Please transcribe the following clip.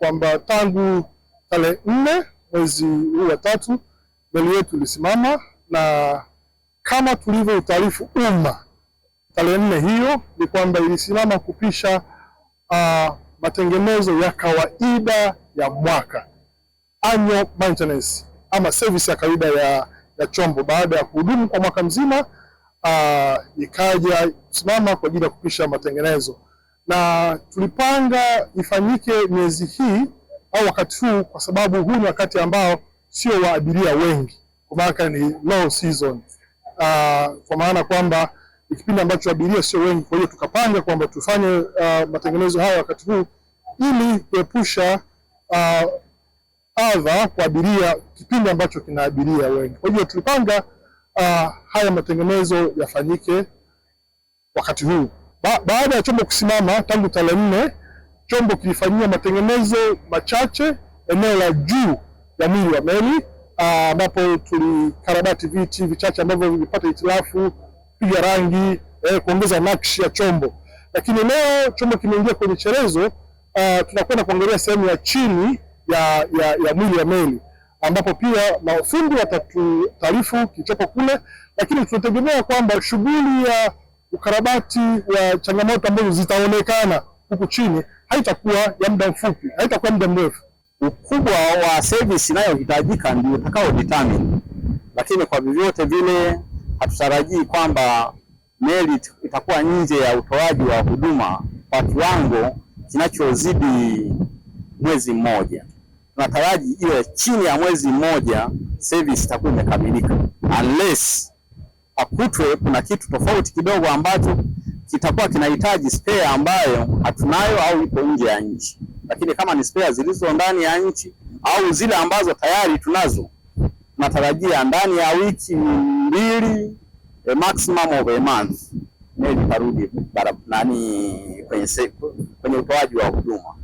kwamba tangu tarehe nne mwezi huu wa tatu meli yetu ilisimama, na kama tulivyo utaarifu umma tarehe nne hiyo ni kwamba ilisimama kupisha uh, matengenezo ya kawaida ya mwaka annual maintenance ama service ya kawaida ya, ya chombo baada ya kuhudumu kwa mwaka mzima uh, ikaja simama kwa ajili ya kupisha matengenezo na tulipanga ifanyike miezi hii au wakati huu, kwa sababu huu ni wakati ambao sio wa abiria wengi, kwa maana ni low season. Uh, kwa maana kwamba ni kipindi ambacho abiria sio wengi, kwa hiyo tukapanga kwamba tufanye uh, matengenezo haya wakati huu ili kuepusha uh, adha kwa abiria kipindi ambacho kina abiria wengi. Kwa hiyo tulipanga uh, haya matengenezo yafanyike wakati huu ba, baada ya chombo kusimama tangu tarehe nne, chombo kilifanyia matengenezo machache eneo la juu ya mwili wa meli ah, ambapo tulikarabati viti vichache ambavyo vilipata itilafu, piga rangi eh, kuongeza nakshi ya chombo. Lakini leo chombo kimeingia kwenye chelezo. Ah, tunakwenda kuangalia sehemu ya chini ya, ya, ya mwili wa meli ambapo pia mafundi watatuarifu kilichopo kule, lakini tunategemea kwamba shughuli ya ukarabati wa changamoto ambazo zitaonekana huku chini haitakuwa ya muda mfupi, haitakuwa muda mrefu. Ukubwa wa service inayohitajika ndio utakao determine, lakini kwa vyovyote vile hatutarajii kwamba meli itakuwa nje ya utoaji wa huduma kwa kiwango kinachozidi mwezi mmoja. Tunataraji iwe chini ya mwezi mmoja service itakuwa imekamilika unless akutwe kuna kitu tofauti kidogo ambacho kitakuwa kinahitaji spare ambayo hatunayo au ipo nje ya nchi. Lakini kama ni spare zilizo ndani ya nchi au zile ambazo tayari tunazo, tunatarajia ndani ya wiki mbili, a eh, maximum of a month, meli karudi nani kwenye, kwenye utoaji wa huduma.